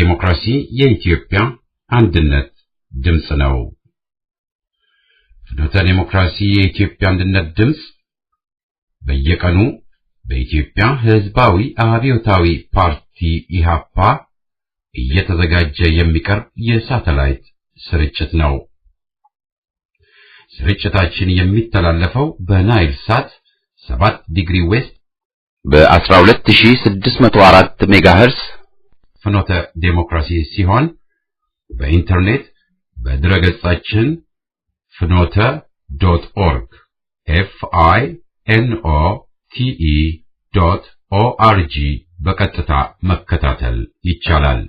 ዴሞክራሲ የኢትዮጵያ አንድነት ድምፅ ነው። ፍኖተ ዴሞክራሲ የኢትዮጵያ አንድነት ድምፅ በየቀኑ በኢትዮጵያ ሕዝባዊ አብዮታዊ ፓርቲ ኢሃፓ እየተዘጋጀ የሚቀርብ የሳተላይት ስርጭት ነው። ስርጭታችን የሚተላለፈው በናይል ሳት 7 ዲግሪ ዌስት በ12604 ሜጋሄርስ ፍኖተ ዴሞክራሲ ሲሆን በኢንተርኔት በድረገጻችን ፍኖተ ዶት ኦርግ ኤፍ አይ ኤን ኦ ቲ ኢ ዶት ኦ አር ጂ በቀጥታ መከታተል ይቻላል።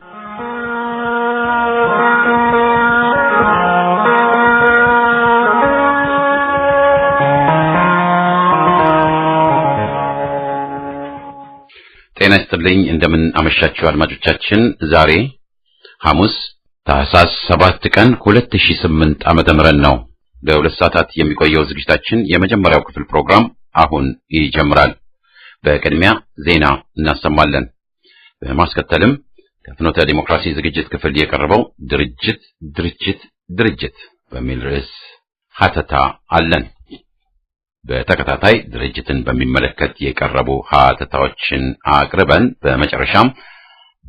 ጤና ይስጥልኝ እንደምን አመሻችሁ አድማጮቻችን። ዛሬ ሐሙስ ታህሳስ 7 ቀን 2008 ዓመተ ምህረት ነው። ለሁለት ሰዓታት የሚቆየው ዝግጅታችን የመጀመሪያው ክፍል ፕሮግራም አሁን ይጀምራል። በቅድሚያ ዜና እናሰማለን። በማስከተልም ከፍኖተ ዲሞክራሲ ዝግጅት ክፍል የቀረበው ድርጅት ድርጅት ድርጅት በሚል ርዕስ ሀተታ አለን። በተከታታይ ድርጅትን በሚመለከት የቀረቡ ሀተታዎችን አቅርበን በመጨረሻም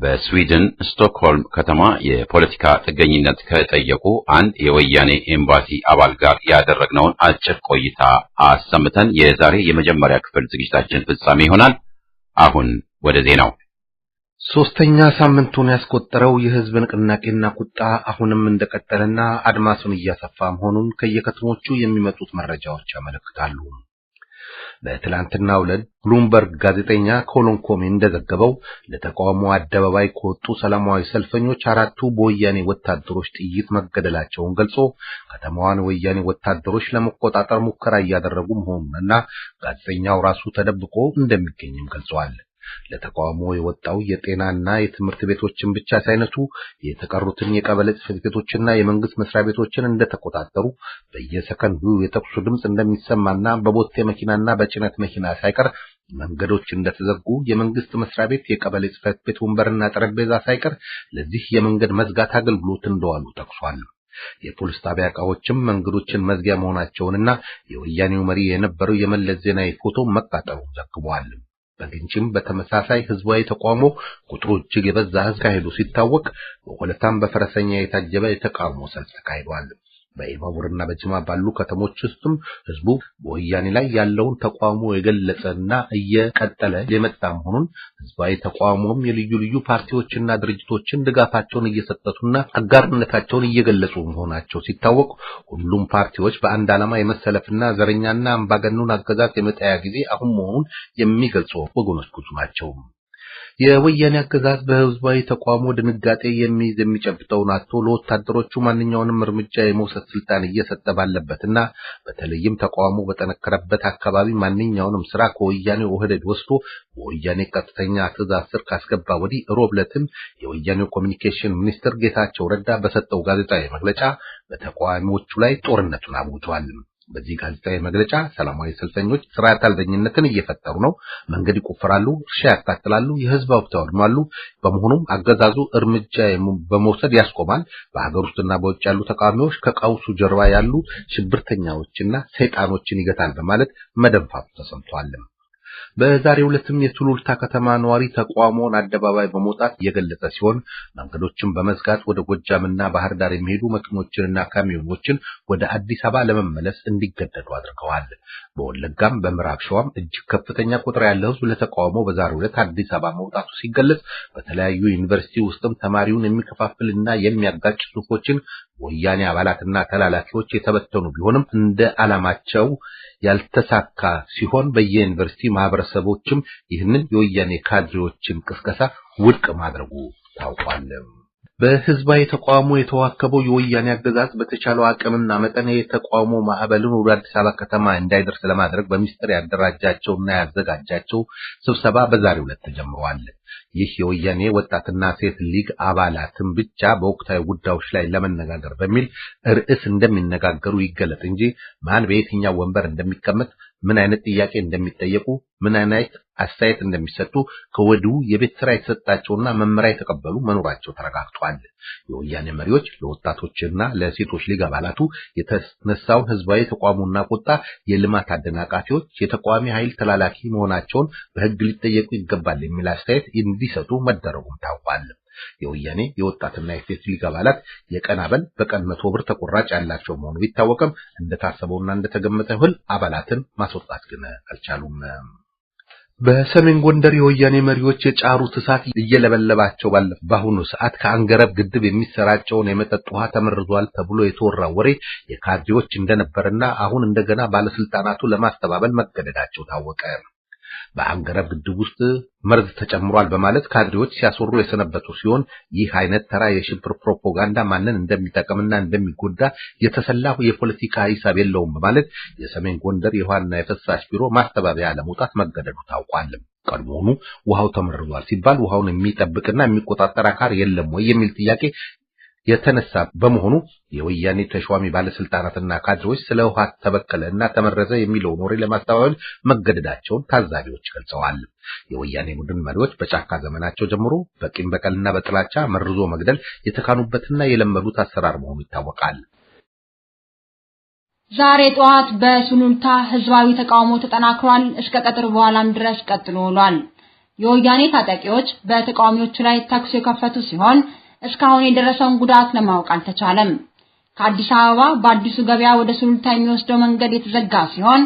በስዊድን ስቶክሆልም ከተማ የፖለቲካ ጥገኝነት ከጠየቁ አንድ የወያኔ ኤምባሲ አባል ጋር ያደረግነውን አጭር ቆይታ አሰምተን የዛሬ የመጀመሪያ ክፍል ዝግጅታችን ፍጻሜ ይሆናል። አሁን ወደ ዜናው ሶስተኛ ሳምንቱን ያስቆጠረው የህዝብ ንቅናቄና ቁጣ አሁንም እንደቀጠለና አድማሱን እያሰፋ መሆኑን ከየከተሞቹ የሚመጡት መረጃዎች ያመለክታሉ። በትላንትናው ዕለት ብሉምበርግ ጋዜጠኛ ኮሎንኮሜ እንደዘገበው ለተቃውሞ አደባባይ ከወጡ ሰላማዊ ሰልፈኞች አራቱ በወያኔ ወታደሮች ጥይት መገደላቸውን ገልጾ ከተማዋን ወያኔ ወታደሮች ለመቆጣጠር ሙከራ እያደረጉ መሆኑንና ጋዜጠኛው ራሱ ተደብቆ እንደሚገኝም ገልጸዋል። ለተቃውሞ የወጣው የጤናና የትምህርት ቤቶችን ብቻ ሳይነሱ የተቀሩትን የቀበሌ ጽሕፈት ቤቶችና የመንግስት መስሪያ ቤቶችን እንደተቆጣጠሩ በየሰከንዱ የተኩሱ ድምፅ እንደሚሰማና በቦቴ መኪናና በጭነት መኪና ሳይቀር መንገዶች እንደተዘጉ የመንግስት መስሪያ ቤት የቀበሌ ጽሕፈት ቤት ወንበርና ጠረጴዛ ሳይቀር ለዚህ የመንገድ መዝጋት አገልግሎት እንደዋሉ ጠቅሷል። የፖሊስ ጣቢያ እቃዎችም መንገዶችን መዝጊያ መሆናቸውንና የወያኔው መሪ የነበረው የመለስ ዜናዊ ፎቶ መቃጠሉን ዘግቧል። በግንጭም በተመሳሳይ ህዝባዊ ተቋሞ ቁጥሩ እጅግ የበዛ ህዝብ ካሄዱ ሲታወቅ በኮለታም በፈረሰኛ የታጀበ የተቃውሞ ሰልፍ ተካሂዷል። በኢማሙርና በጅማ ባሉ ከተሞች ውስጥም ህዝቡ በወያኔ ላይ ያለውን ተቋሙ የገለጸና እየቀጠለ የመጣ መሆኑን ህዝባዊ ተቋሙም የልዩ ልዩ ፓርቲዎችና ድርጅቶችን ድጋፋቸውን እየሰጠቱና አጋርነታቸውን እየገለጹ መሆናቸው ሲታወቅ ሁሉም ፓርቲዎች በአንድ ዓላማ የመሰለፍና ዘረኛና አምባገነኑን አገዛዝ የመጣያ ጊዜ አሁን መሆኑን የሚገልጹ ወገኖች ብዙ ናቸው። የወያኔ አገዛዝ በህዝባዊ ተቋሙ ድንጋጤ የሚይዝ የሚጨብጠውን አቶ ለወታደሮቹ ማንኛውንም እርምጃ የመውሰድ ስልጣን እየሰጠ ባለበትና በተለይም ተቋሙ በጠነከረበት አካባቢ ማንኛውንም ስራ ከወያኔ ኦህዴድ ወስዶ በወያኔ ቀጥተኛ ትእዛዝ ስር ካስገባ ወዲህ ሮብለትም የወያኔ የወያኔው ኮሚኒኬሽን ሚኒስትር ጌታቸው ረዳ በሰጠው ጋዜጣዊ መግለጫ በተቃዋሚዎቹ ላይ ጦርነቱን አውጇል። በዚህ ጋዜጣዊ መግለጫ ሰላማዊ ሰልፈኞች ስርዓተ አልበኝነትን እየፈጠሩ ነው፣ መንገድ ይቆፍራሉ፣ እርሻ ያቃጥላሉ፣ የህዝብ ሀብት ያወድማሉ። በመሆኑም አገዛዙ እርምጃ በመውሰድ ያስቆማል። በሀገር ውስጥና በውጭ ያሉ ተቃዋሚዎች ከቀውሱ ጀርባ ያሉ ሽብርተኛዎችና ሰይጣኖችን ይገታል በማለት መደንፋቱ ተሰምቷል። በዛሬው ዕለትም የቱሉልታ ከተማ ነዋሪ ተቋሞን አደባባይ በመውጣት የገለጸ ሲሆን መንገዶችን በመዝጋት ወደ ጎጃምና ባህር ዳር የሚሄዱ መኪኖችንና ካሚዮኖችን ወደ አዲስ አበባ ለመመለስ እንዲገደዱ አድርገዋል። በወለጋም በምዕራብ ሸዋም እጅግ ከፍተኛ ቁጥር ያለ ህዝብ ለተቃውሞ በዛሬው ዕለት አዲስ አበባ መውጣቱ ሲገለጽ በተለያዩ ዩኒቨርሲቲ ውስጥም ተማሪውን የሚከፋፍልና የሚያጋጭ ጽሁፎችን ወያኔ አባላትና ተላላኪዎች የተበተኑ ቢሆንም እንደ ዓላማቸው ያልተሳካ ሲሆን በየዩኒቨርሲቲ ማህበረሰቦችም ይህንን የወያኔ ካድሬዎችን ቅስቀሳ ውድቅ ማድረጉ ታውቋል። በህዝባዊ ተቃውሞ የተዋከበው የወያኔ አገዛዝ በተቻለው አቅምና መጠን የተቃውሞ ማዕበልን ወደ አዲስ አበባ ከተማ እንዳይደርስ ለማድረግ በሚስጥር ያደራጃቸውና ያዘጋጃቸው ስብሰባ በዛሬው ዕለት ተጀምሯል። ይህ የወያኔ ወጣትና ሴት ሊግ አባላትን ብቻ በወቅታዊ ጉዳዮች ላይ ለመነጋገር በሚል ርዕስ እንደሚነጋገሩ ይገለጥ እንጂ ማን በየትኛው ወንበር እንደሚቀመጥ፣ ምን አይነት ጥያቄ እንደሚጠየቁ፣ ምን አይነት አስተያየት እንደሚሰጡ ከወዲሁ የቤት ስራ የተሰጣቸውና መመሪያ የተቀበሉ መኖራቸው ተረጋግጧል። የወያኔ መሪዎች ለወጣቶችና ለሴቶች ሊግ አባላቱ የተነሳውን ህዝባዊ ተቋሙና ቁጣ የልማት አደናቃፊዎች፣ የተቃዋሚ ኃይል ተላላኪ መሆናቸውን በህግ ሊጠየቁ ይገባል የሚል አስተያየት እንዲሰጡ መደረጉም ታውቋል። የወያኔ የወጣትና የሴት ሊግ አባላት የቀን አበል በቀን መቶ ብር ተቆራጭ ያላቸው መሆኑ ቢታወቅም እንደታሰበውና እንደተገመተ ያህል አባላትን ማስወጣት ግን አልቻሉም። በሰሜን ጎንደር የወያኔ መሪዎች የጫሩት እሳት እየለበለባቸው ባለ በአሁኑ ሰዓት ከአንገረብ ግድብ የሚሰራጨውን የመጠጥ ውሃ ተመርዟል ተብሎ የተወራ ወሬ የካድሬዎች እንደነበርና አሁን እንደገና ባለስልጣናቱ ለማስተባበል መገደዳቸው ታወቀ። በአንገረብ ግድብ ውስጥ መርዝ ተጨምሯል በማለት ካድሬዎች ሲያስወሩ የሰነበቱ ሲሆን ይህ አይነት ተራ የሽብር ፕሮፓጋንዳ ማንን እንደሚጠቅምና እንደሚጎዳ የተሰላሁ የፖለቲካ ሂሳብ የለውም በማለት የሰሜን ጎንደር የውሃና የፍሳሽ ቢሮ ማስተባበያ ለመውጣት መገደዱ ታውቋል። ቀድሞውኑ ውሃው ተመርዟል ሲባል ውሃውን የሚጠብቅና የሚቆጣጠር አካል የለም ወይ የሚል ጥያቄ የተነሳ በመሆኑ የወያኔ ተሿሚ ባለስልጣናትና ካድሬዎች ስለ ህወሓት ተበከለ እና ተመረዘ የሚለውን ወሬ ለማስተባበል መገደዳቸውን ታዛቢዎች ገልጸዋል። የወያኔ ቡድን መሪዎች በጫካ ዘመናቸው ጀምሮ በቂም በቀልና በጥላቻ መርዞ መግደል የተካኑበትና የለመዱት አሰራር መሆኑ ይታወቃል። ዛሬ ጠዋት በሱሉልታ ህዝባዊ ተቃውሞ ተጠናክሯል። እስከ ቀጥር በኋላም ድረስ ቀጥሎ ውሏል። የወያኔ ታጣቂዎች በተቃዋሚዎቹ ላይ ተኩስ የከፈቱ ሲሆን እስካሁን የደረሰውን ጉዳት ለማወቅ አልተቻለም። ከአዲስ አበባ በአዲሱ ገበያ ወደ ሱሉልታ የሚወስደው መንገድ የተዘጋ ሲሆን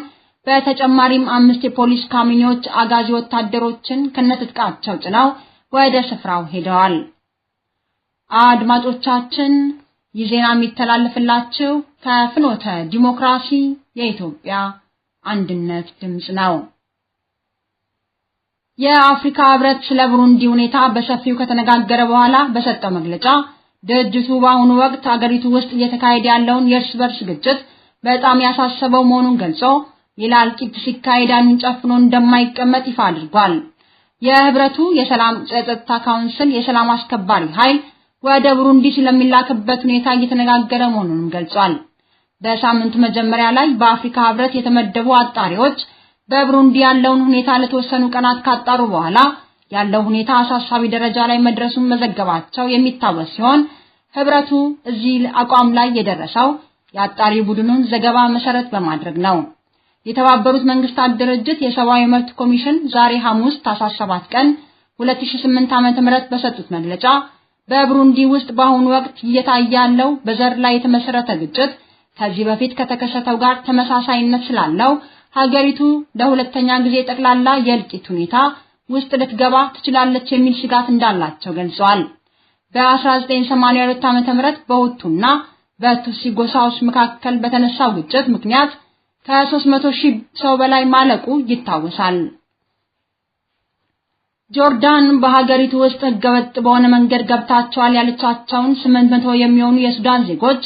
በተጨማሪም አምስት የፖሊስ ካሚኒዎች አጋዚ ወታደሮችን ከነትጥቃቸው ጭነው ወደ ስፍራው ሄደዋል። አድማጮቻችን ይህ ዜና የሚተላለፍላችሁ ከፍኖተ ዲሞክራሲ የኢትዮጵያ አንድነት ድምፅ ነው። የአፍሪካ ህብረት ስለ ቡሩንዲ ሁኔታ በሰፊው ከተነጋገረ በኋላ በሰጠው መግለጫ ድርጅቱ በአሁኑ ወቅት አገሪቱ ውስጥ እየተካሄደ ያለውን የእርስ በርስ ግጭት በጣም ያሳሰበው መሆኑን ገልጾ ሌላ እልቂት ሲካሄድ ዓይኑን ጨፍኖ እንደማይቀመጥ ይፋ አድርጓል። የህብረቱ የሰላም ጸጥታ ካውንስል የሰላም አስከባሪ ኃይል ወደ ቡሩንዲ ስለሚላክበት ሁኔታ እየተነጋገረ መሆኑንም ገልጿል። በሳምንቱ መጀመሪያ ላይ በአፍሪካ ህብረት የተመደቡ አጣሪዎች በብሩንዲ ያለውን ሁኔታ ለተወሰኑ ቀናት ካጣሩ በኋላ ያለው ሁኔታ አሳሳቢ ደረጃ ላይ መድረሱን መዘገባቸው የሚታወስ ሲሆን ህብረቱ እዚህ አቋም ላይ የደረሰው የአጣሪ ቡድኑን ዘገባ መሰረት በማድረግ ነው። የተባበሩት መንግስታት ድርጅት የሰብአዊ መብት ኮሚሽን ዛሬ ሐሙስ 17 7 ቀን 2008 ዓ.ም በሰጡት መግለጫ በብሩንዲ ውስጥ በአሁኑ ወቅት እየታየ ያለው በዘር ላይ የተመሰረተ ግጭት ከዚህ በፊት ከተከሰተው ጋር ተመሳሳይነት ስላለው ሀገሪቱ ለሁለተኛ ጊዜ ጠቅላላ የእልቂት ሁኔታ ውስጥ ልትገባ ትችላለች የሚል ስጋት እንዳላቸው ገልጸዋል። በ1982 ዓ.ም ምህረት በሁቱና በቱሲ ጎሳዎች መካከል በተነሳው ግጭት ምክንያት ከ300 ሺህ ሰው በላይ ማለቁ ይታወሳል። ጆርዳን በሀገሪቱ ውስጥ ህገወጥ በሆነ መንገድ ገብታቸዋል ያለቻቸውን 800 የሚሆኑ የሱዳን ዜጎች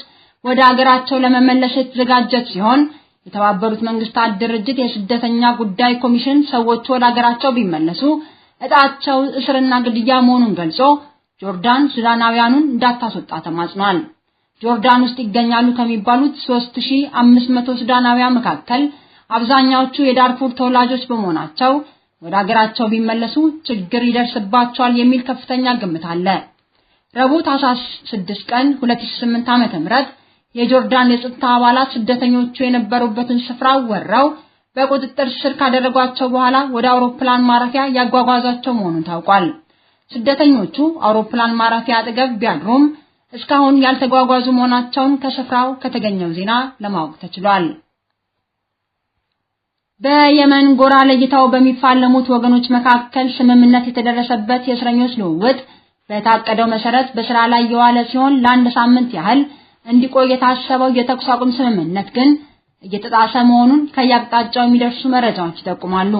ወደ ሀገራቸው ለመመለስ የተዘጋጀች ሲሆን የተባበሩት መንግስታት ድርጅት የስደተኛ ጉዳይ ኮሚሽን ሰዎች ወደ አገራቸው ቢመለሱ እጣቸው እስርና ግድያ መሆኑን ገልጾ ጆርዳን ሱዳናውያኑን እንዳታስወጣ ተማጽኗል። ጆርዳን ውስጥ ይገኛሉ ከሚባሉት 3500 ሱዳናውያን መካከል አብዛኛዎቹ የዳርፉር ተወላጆች በመሆናቸው ወደ አገራቸው ቢመለሱ ችግር ይደርስባቸዋል የሚል ከፍተኛ ግምት አለ። ረቡዕ ታህሳስ 6 ቀን 2008 ዓ.ም የጆርዳን የጸጥታ አባላት ስደተኞቹ የነበሩበትን ስፍራ ወረው በቁጥጥር ስር ካደረጓቸው በኋላ ወደ አውሮፕላን ማረፊያ ያጓጓዟቸው መሆኑን ታውቋል። ስደተኞቹ አውሮፕላን ማረፊያ አጠገብ ቢያድሩም እስካሁን ያልተጓጓዙ መሆናቸውን ከስፍራው ከተገኘው ዜና ለማወቅ ተችሏል። በየመን ጎራ ለይታው በሚፋለሙት ወገኖች መካከል ስምምነት የተደረሰበት የእስረኞች ልውውጥ በታቀደው መሰረት በስራ ላይ የዋለ ሲሆን ለአንድ ሳምንት ያህል እንዲቆይ የታሰበው የተኩስ አቁም ስምምነት ግን እየተጣሰ መሆኑን ከየአቅጣጫው የሚደርሱ መረጃዎች ይጠቁማሉ።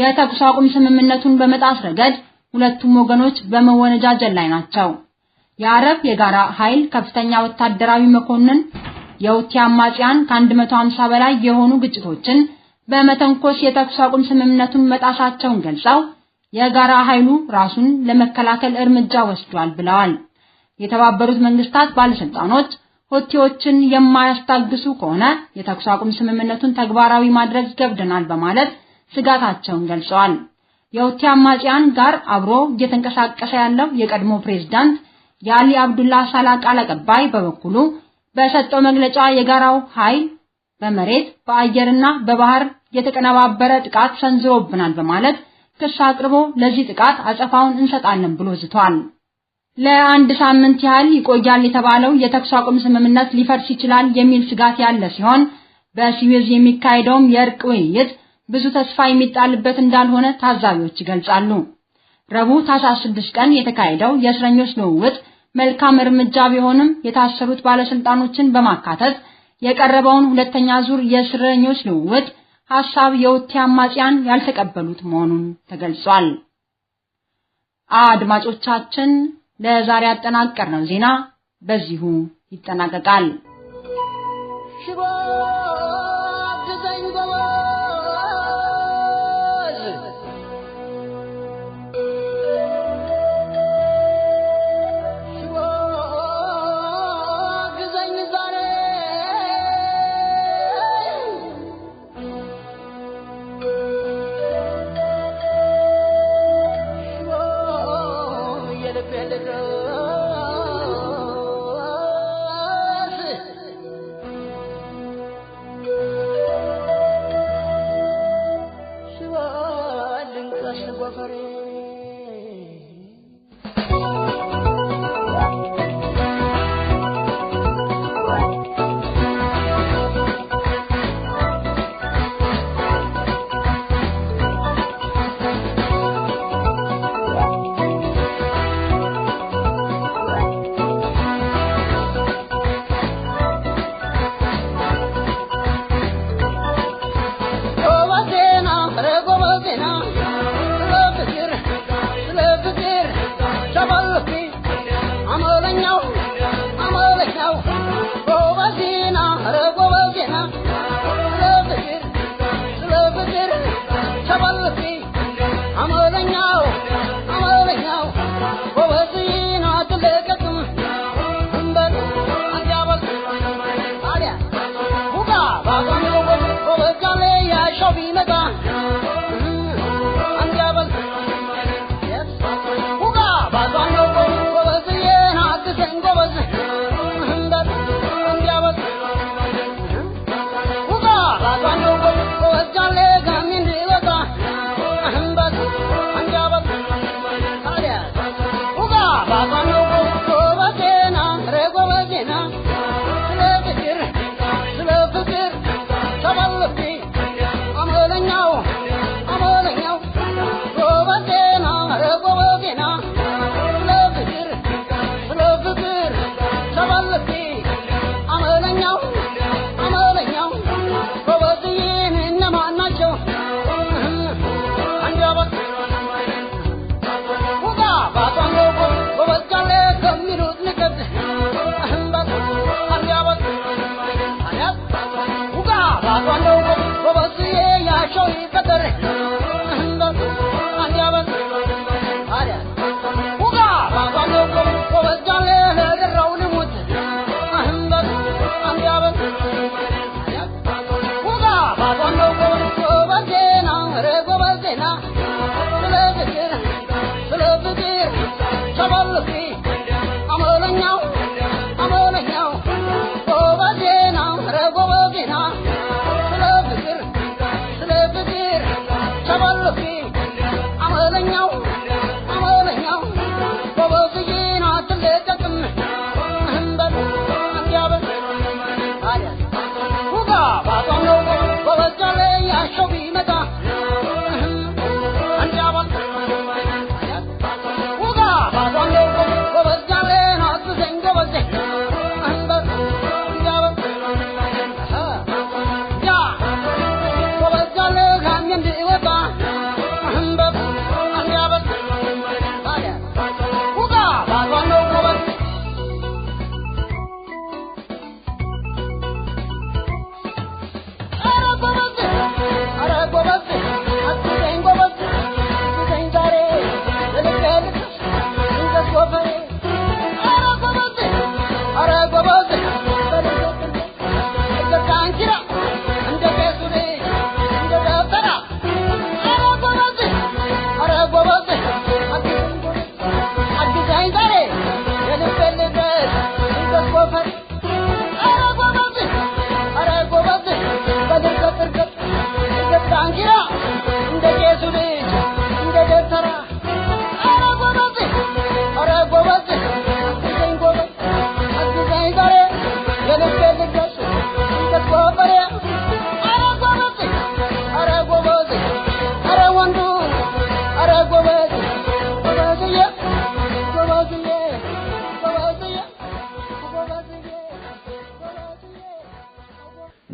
የተኩስ አቁም ስምምነቱን በመጣስ ረገድ ሁለቱም ወገኖች በመወነጃጀል ላይ ናቸው። የአረብ የጋራ ኃይል ከፍተኛ ወታደራዊ መኮንን የውቲ አማጽያን ከ150 በላይ የሆኑ ግጭቶችን በመተንኮስ የተኩስ አቁም ስምምነቱን መጣሳቸውን ገልጸው የጋራ ኃይሉ ራሱን ለመከላከል እርምጃ ወስዷል ብለዋል። የተባበሩት መንግስታት ባለስልጣኖች ሆቴዎችን የማያስታግሱ ከሆነ የተኩስ አቁም ስምምነቱን ተግባራዊ ማድረግ ይገብደናል በማለት ስጋታቸውን ገልጸዋል። የሁቲ አማጽያን ጋር አብሮ እየተንቀሳቀሰ ያለው የቀድሞ ፕሬዝዳንት የአሊ አብዱላህ ሳላህ ቃል አቀባይ በበኩሉ በሰጠው መግለጫ የጋራው ኃይል በመሬት በአየርና በባህር የተቀነባበረ ጥቃት ሰንዝሮብናል በማለት ክስ አቅርቦ ለዚህ ጥቃት አጸፋውን እንሰጣለን ብሎ ዝቷል። ለአንድ ሳምንት ያህል ይቆያል የተባለው የተኩስ አቁም ስምምነት ሊፈርስ ይችላል የሚል ስጋት ያለ ሲሆን በስዊዝ የሚካሄደውም የእርቅ ውይይት ብዙ ተስፋ የሚጣልበት እንዳልሆነ ታዛቢዎች ይገልጻሉ። ረቡዕ ታኅሳስ 6 ቀን የተካሄደው የእስረኞች ልውውጥ መልካም እርምጃ ቢሆንም የታሰሩት ባለስልጣኖችን በማካተት የቀረበውን ሁለተኛ ዙር የእስረኞች ልውውጥ ሐሳብ የውቲ አማጽያን ያልተቀበሉት መሆኑን ተገልጿል። አድማጮቻችን ለዛሬ ነው ዜና በዚሁ ይጠናቀቃል። ሽባ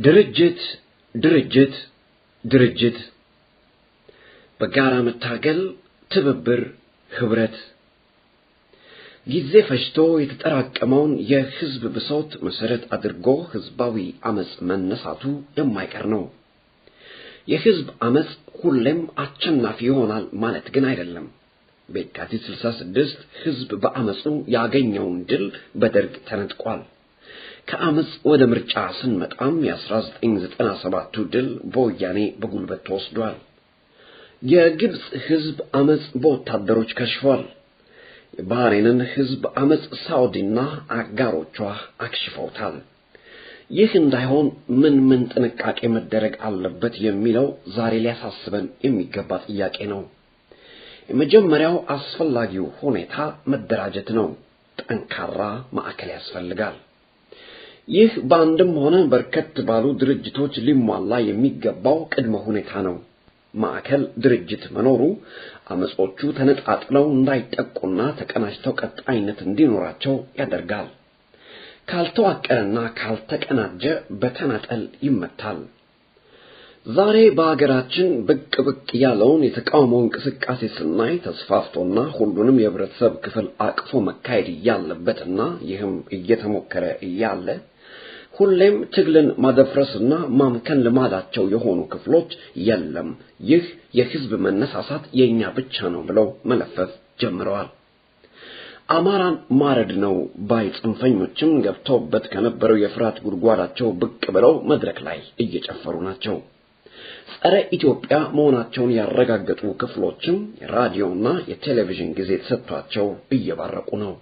ድርጅት ድርጅት ድርጅት በጋራ መታገል ትብብር ህብረት ጊዜ ፈጅቶ የተጠራቀመውን የህዝብ ብሶት መሰረት አድርጎ ህዝባዊ አመጽ መነሳቱ የማይቀር ነው። የህዝብ አመጽ ሁሌም አቸናፊ ይሆናል ማለት ግን አይደለም። በየካቲት 66 ህዝብ በአመፁ ያገኘውን ድል በደርግ ተነጥቋል። ከአመፅ ወደ ምርጫ ስንመጣም የ1997ቱ ድል በወያኔ በጉልበት ተወስዷል። የግብፅ ህዝብ አመፅ በወታደሮች ከሽፏል። የባህሬንን ህዝብ አመፅ ሳውዲና አጋሮቿ አክሽፈውታል። ይህ እንዳይሆን ምን ምን ጥንቃቄ መደረግ አለበት የሚለው ዛሬ ሊያሳስበን የሚገባ ጥያቄ ነው። የመጀመሪያው አስፈላጊው ሁኔታ መደራጀት ነው። ጠንካራ ማዕከል ያስፈልጋል። ይህ በአንድም ሆነ በርከት ባሉ ድርጅቶች ሊሟላ የሚገባው ቅድመ ሁኔታ ነው። ማዕከል ድርጅት መኖሩ አመጾቹ ተነጣጥለው እንዳይጠቁና ተቀናጅተው ቀጣይነት እንዲኖራቸው ያደርጋል። ካልተዋቀረና ካልተቀናጀ በተናጠል ይመታል። ዛሬ በአገራችን ብቅ ብቅ ያለውን የተቃውሞ እንቅስቃሴ ስናይ ተስፋፍቶና ሁሉንም የህብረተሰብ ክፍል አቅፎ መካሄድ እያለበትና ይህም እየተሞከረ እያለ ሁሌም ትግልን ማደፍረስና ማምከን ልማዳቸው የሆኑ ክፍሎች የለም፣ ይህ የህዝብ መነሳሳት የእኛ ብቻ ነው ብለው መለፈፍ ጀምረዋል። አማራን ማረድ ነው ባይ ጽንፈኞችም ገብተውበት ከነበረው የፍርሃት ጉድጓዳቸው ብቅ ብለው መድረክ ላይ እየጨፈሩ ናቸው። ጸረ ኢትዮጵያ መሆናቸውን ያረጋገጡ ክፍሎችም የራዲዮና የቴሌቪዥን ጊዜ ተሰጥቷቸው እየባረቁ ነው።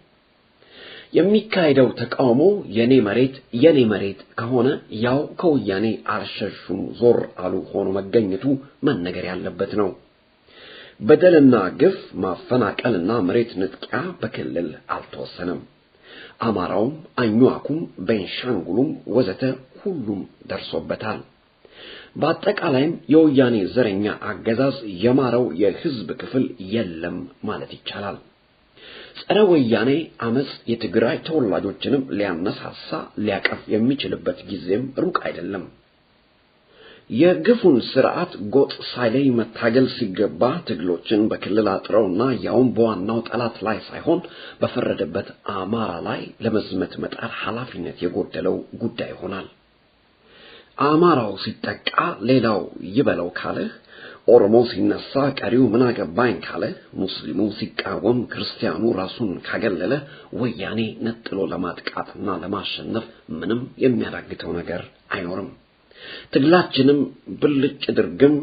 የሚካሄደው ተቃውሞ የኔ መሬት የኔ መሬት ከሆነ ያው ከወያኔ አልሸሹም ዞር አሉ ሆኖ መገኘቱ መነገር ያለበት ነው። በደልና ግፍ፣ ማፈናቀልና መሬት ንጥቂያ በክልል አልተወሰነም። አማራውም፣ አኙዋኩም፣ ቤንሻንጉሉም ወዘተ ሁሉም ደርሶበታል። በአጠቃላይም የወያኔ ዘረኛ አገዛዝ የማረው የህዝብ ክፍል የለም ማለት ይቻላል። ጸረ ወያኔ አመፅ የትግራይ ተወላጆችንም ሊያነሳሳ ሊያቀፍ የሚችልበት ጊዜም ሩቅ አይደለም። የግፉን ስርዓት ጎጥ ሳይለይ መታገል ሲገባ ትግሎችን በክልል አጥረውና ያውም በዋናው ጠላት ላይ ሳይሆን በፈረደበት አማራ ላይ ለመዝመት መጣር ኃላፊነት የጎደለው ጉዳይ ይሆናል። አማራው ሲጠቃ ሌላው ይበለው ካልህ ኦሮሞ ሲነሳ ቀሪው ምን አገባኝ ካለ፣ ሙስሊሙ ሲቃወም ክርስቲያኑ ራሱን ካገለለ ወያኔ ነጥሎ ለማጥቃትና ለማሸነፍ ምንም የሚያዳግተው ነገር አይኖርም። ትግላችንም ብልጭ ድርግም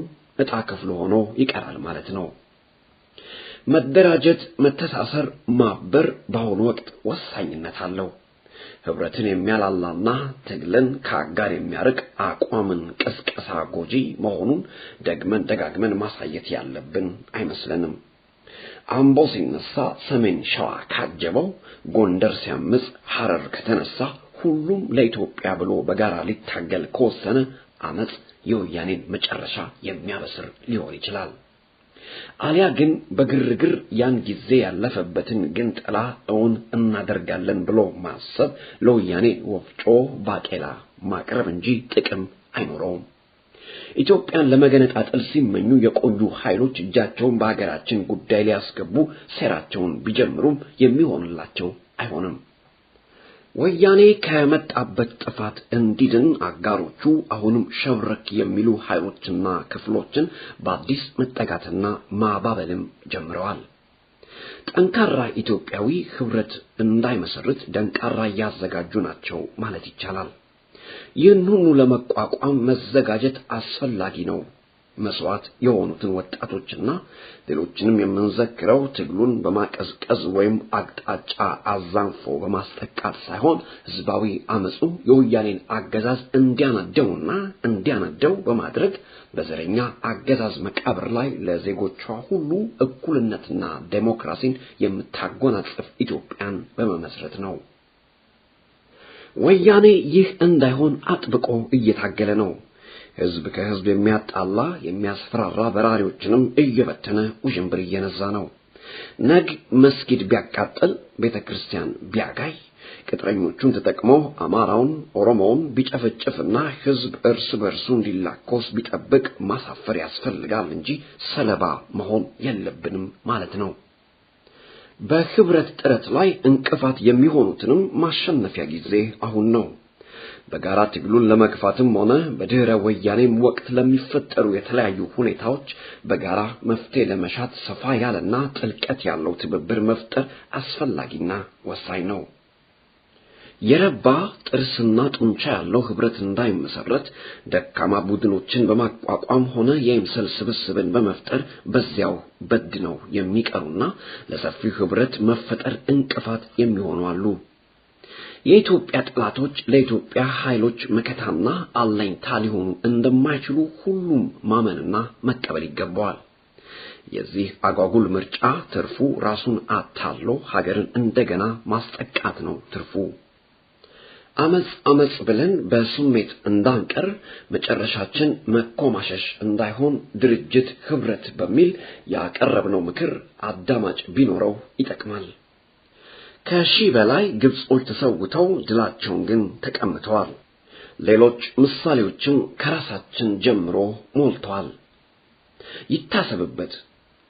ዕጣ ክፍል ሆኖ ይቀራል ማለት ነው። መደራጀት፣ መተሳሰር፣ ማበር በአሁኑ ወቅት ወሳኝነት አለው። ህብረትን የሚያላላና ትግልን ከአጋር የሚያርቅ አቋምን ቅስቀሳ ጎጂ መሆኑን ደግመን ደጋግመን ማሳየት ያለብን አይመስለንም። አምቦ ሲነሳ ሰሜን ሸዋ ካጀበው፣ ጎንደር ሲያምጽ ሐረር ከተነሳ ሁሉም ለኢትዮጵያ ብሎ በጋራ ሊታገል ከወሰነ አመጽ የወያኔን መጨረሻ የሚያበስር ሊሆን ይችላል። አሊያ ግን በግርግር ያን ጊዜ ያለፈበትን ግን ጥላ እውን እናደርጋለን ብሎ ማሰብ ለወያኔ ወፍጮ ባቄላ ማቅረብ እንጂ ጥቅም አይኖረውም። ኢትዮጵያን ለመገነጣጠል ሲመኙ የቆዩ ኃይሎች እጃቸውን በሀገራችን ጉዳይ ሊያስገቡ ሴራቸውን ቢጀምሩም የሚሆንላቸው አይሆንም። ወያኔ ከመጣበት ጥፋት እንዲድን አጋሮቹ አሁንም ሸብረክ የሚሉ ኃይሎችና ክፍሎችን በአዲስ መጠጋትና ማባበልም ጀምረዋል። ጠንካራ ኢትዮጵያዊ ህብረት እንዳይመሰርት ደንቃራ እያዘጋጁ ናቸው ማለት ይቻላል። ይህን ሁሉ ለመቋቋም መዘጋጀት አስፈላጊ ነው። መስዋዕት የሆኑትን ወጣቶችና ሌሎችንም የምንዘክረው ትግሉን በማቀዝቀዝ ወይም አቅጣጫ አዛንፎ በማስጠቃት ሳይሆን ህዝባዊ አመፁ የወያኔን አገዛዝ እንዲያነደውና እንዲያነደው በማድረግ በዘረኛ አገዛዝ መቃብር ላይ ለዜጎቿ ሁሉ እኩልነትና ዴሞክራሲን የምታጎናጽፍ ኢትዮጵያን በመመስረት ነው። ወያኔ ይህ እንዳይሆን አጥብቆ እየታገለ ነው። ህዝብ ከህዝብ የሚያጣላ የሚያስፈራራ በራሪዎችንም እየበተነ ውዥንብር እየነዛ ነው። ነግ መስጊድ ቢያቃጥል፣ ቤተ ክርስቲያን ቢያጋይ ቅጥረኞቹን ተጠቅሞ አማራውን ኦሮሞውን ቢጨፈጭፍና ህዝብ እርስ በእርሱ እንዲላኮስ ቢጠብቅ ማሳፈር ያስፈልጋል እንጂ ሰለባ መሆን የለብንም ማለት ነው። በህብረት ጥረት ላይ እንቅፋት የሚሆኑትንም ማሸነፊያ ጊዜ አሁን ነው። በጋራ ትግሉን ለመግፋትም ሆነ በድህረ ወያኔም ወቅት ለሚፈጠሩ የተለያዩ ሁኔታዎች በጋራ መፍትሄ ለመሻት ሰፋ ያለና ጥልቀት ያለው ትብብር መፍጠር አስፈላጊና ወሳኝ ነው። የረባ ጥርስና ጡንቻ ያለው ህብረት እንዳይመሰረት ደካማ ቡድኖችን በማቋቋም ሆነ የይምሰል ስብስብን በመፍጠር በዚያው በድ ነው የሚቀሩና ለሰፊው ህብረት መፈጠር እንቅፋት የሚሆኑ አሉ። የኢትዮጵያ ጠላቶች ለኢትዮጵያ ኃይሎች መከታና አለኝታ ሊሆኑ እንደማይችሉ ሁሉም ማመንና መቀበል ይገባዋል። የዚህ አጓጉል ምርጫ ትርፉ ራሱን አታሎ ሀገርን እንደገና ማስጠቃት ነው ትርፉ። አመጽ አመጽ ብለን በስሜት እንዳንቀር መጨረሻችን መኮማሸሽ እንዳይሆን ድርጅት ህብረት በሚል ያቀረብነው ምክር አዳማጭ ቢኖረው ይጠቅማል። ከሺህ በላይ ግብጾች ተሰውተው ድላቸውን ግን ተቀምተዋል። ሌሎች ምሳሌዎችም ከራሳችን ጀምሮ ሞልተዋል። ይታሰብበት፣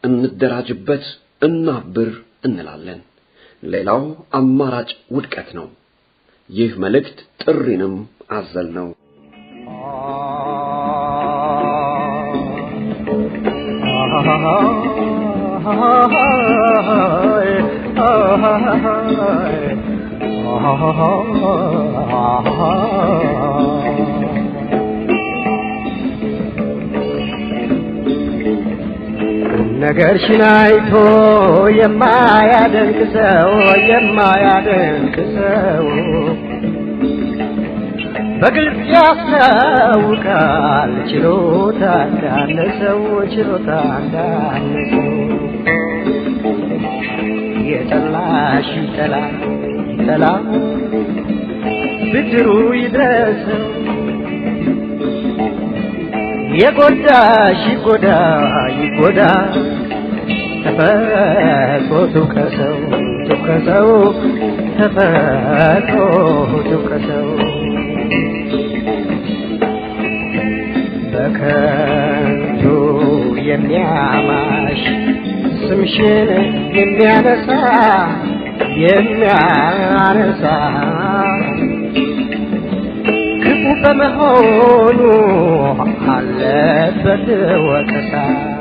እንደራጅበት፣ እናብር እንላለን። ሌላው አማራጭ ውድቀት ነው። ይህ መልእክት ጥሪንም አዘል ነው። ha ነገር ሽናይቶ የማያደንቅ ሰው የማያደንቅ ሰው በግልጽ ያስታውቃል ችሎታ እንዳለ ሰው ችሎታ እንዳለ ሰው የጠላሽ ጠላ ጠላ ብድሩ ይድረሰው የጎዳሽ ይጎዳ ይጎዳ ተፈቆ ትውቀሰው ትውቀሰው ተፈቆ ትውቀሰው በከንቱ የሚያማሽ ስምሽን የሚያነሳ የሚያነሳ ክፉ በመሆኑ አለበት ወቀሳ